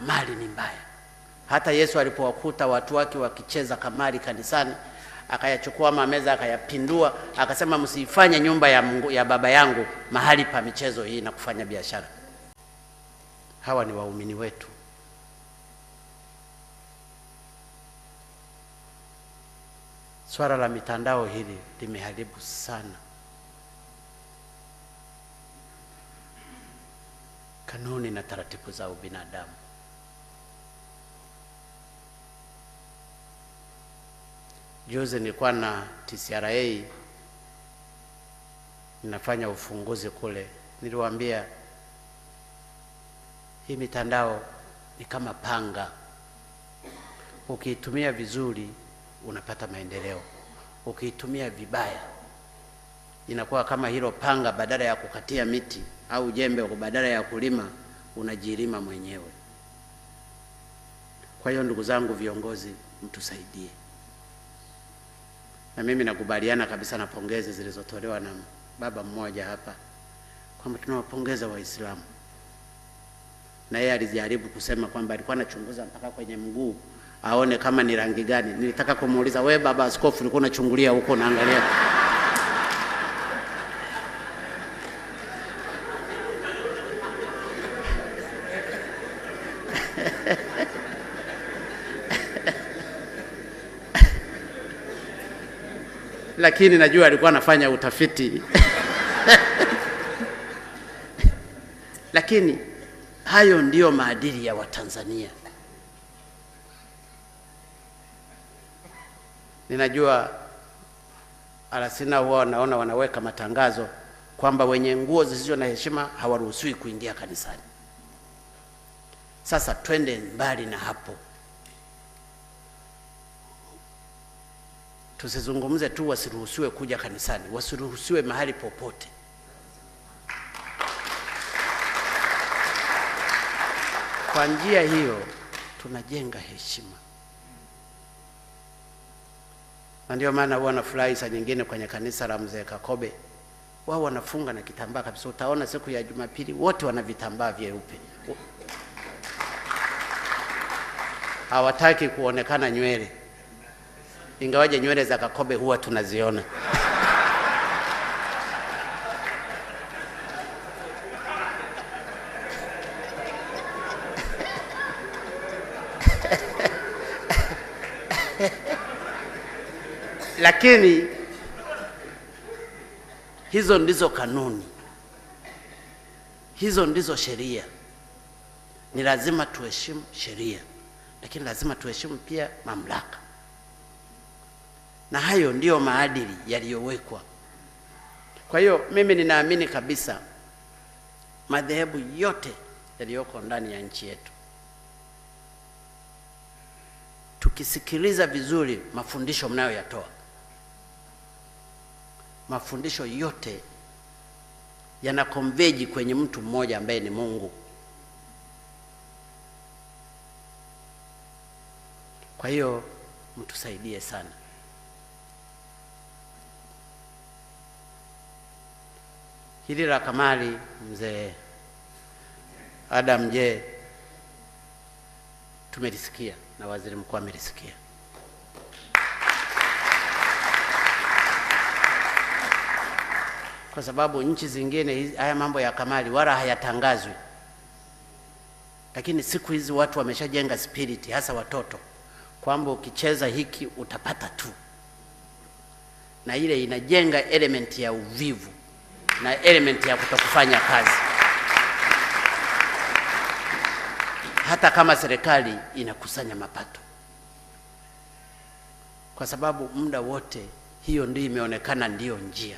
kamari ni mbaya. Hata Yesu alipowakuta watu wake wakicheza kamari kanisani, akayachukua mameza akayapindua, akasema msiifanye nyumba ya, mungu, ya baba yangu mahali pa michezo hii na kufanya biashara. Hawa ni waumini wetu. Swala la mitandao hili limeharibu sana kanuni na taratibu za ubinadamu. Juzi nilikuwa na TCRA ninafanya ufunguzi kule, niliwaambia hii mitandao ni kama panga, ukiitumia vizuri unapata maendeleo, ukiitumia vibaya inakuwa kama hilo panga, badala ya kukatia miti au jembe, badala ya kulima unajilima mwenyewe. Kwa hiyo ndugu zangu viongozi, mtusaidie na mimi nakubaliana kabisa na pongezi zilizotolewa na baba mmoja hapa kwamba tunawapongeza Waislamu, na yeye alijaribu kusema kwamba alikuwa anachunguza mpaka kwenye mguu aone kama ni rangi gani. Nilitaka kumuuliza we, baba askofu, ulikuwa unachungulia huko unaangalia lakini najua alikuwa anafanya utafiti lakini hayo ndiyo maadili ya Watanzania. Ninajua alasina huwa wanaona wanaweka matangazo kwamba wenye nguo zisizo na heshima hawaruhusiwi kuingia kanisani. Sasa twende mbali na hapo. Tusizungumze tu wasiruhusiwe kuja kanisani, wasiruhusiwe mahali popote. Kwa njia hiyo tunajenga heshima, na ndio maana huwa nafurahi saa nyingine kwenye kanisa la mzee Kakobe, wao wanafunga na kitambaa kabisa. Utaona siku ya Jumapili wote wana vitambaa vyeupe, hawataki kuonekana nywele ingawaje nywele za Kakobe huwa tunaziona lakini hizo ndizo kanuni, hizo ndizo sheria. Ni lazima tuheshimu sheria, lakini lazima tuheshimu pia mamlaka na hayo ndiyo maadili yaliyowekwa. Kwa hiyo mimi ninaamini kabisa madhehebu yote yaliyoko ndani ya nchi yetu, tukisikiliza vizuri mafundisho mnayoyatoa, mafundisho yote yana konveji kwenye mtu mmoja ambaye ni Mungu. Kwa hiyo mtusaidie sana. hili la kamari, mzee Adam, je, tumelisikia na waziri mkuu amelisikia. Kwa sababu nchi zingine haya mambo ya kamari wala hayatangazwi, lakini siku hizi watu wameshajenga spiriti, hasa watoto, kwamba ukicheza hiki utapata tu, na ile inajenga elementi ya uvivu na element ya kutokufanya kazi, hata kama serikali inakusanya mapato, kwa sababu muda wote hiyo ndio imeonekana ndiyo njia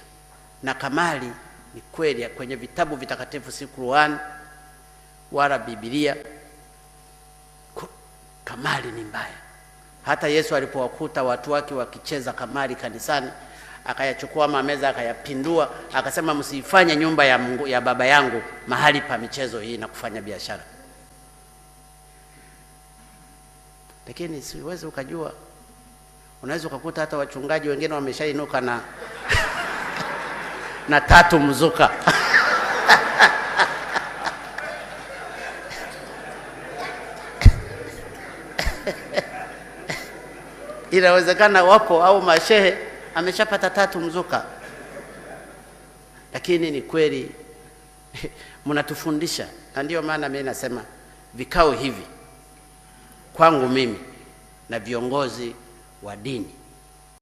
na kamali. Ni kweli kwenye vitabu vitakatifu, si Qur'an wala Biblia, kamali ni mbaya. Hata Yesu alipowakuta watu wake wakicheza kamali kanisani akayachukua mameza akayapindua, akasema msiifanye nyumba ya, mungu, ya baba yangu mahali pa michezo hii na kufanya biashara. Lakini siwezi ukajua, unaweza ukakuta hata wachungaji wengine wameshainuka na na tatu mzuka inawezekana wapo au mashehe ameshapata tatu mzuka. Lakini ni kweli mnatufundisha, na ndiyo maana mimi nasema vikao hivi kwangu mimi na viongozi wa dini